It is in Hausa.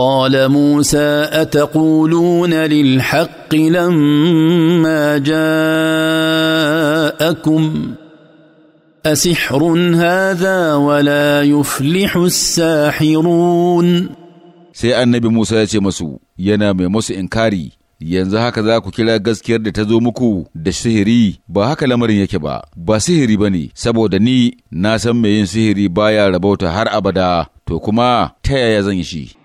قال موسى اتقولون للحق لما جاءكم اسحر هذا ولا يفلح الساحرون sai annabi Musa ya ce masu yana mai masu inkari yanzu haka za ku kira gaskiyar da ta zo muku da sihiri ba haka lamarin yake ba ba sihiri ba ne saboda ni na san mai yin sihiri baya rabauta har abada to kuma ta yaya zan yi shi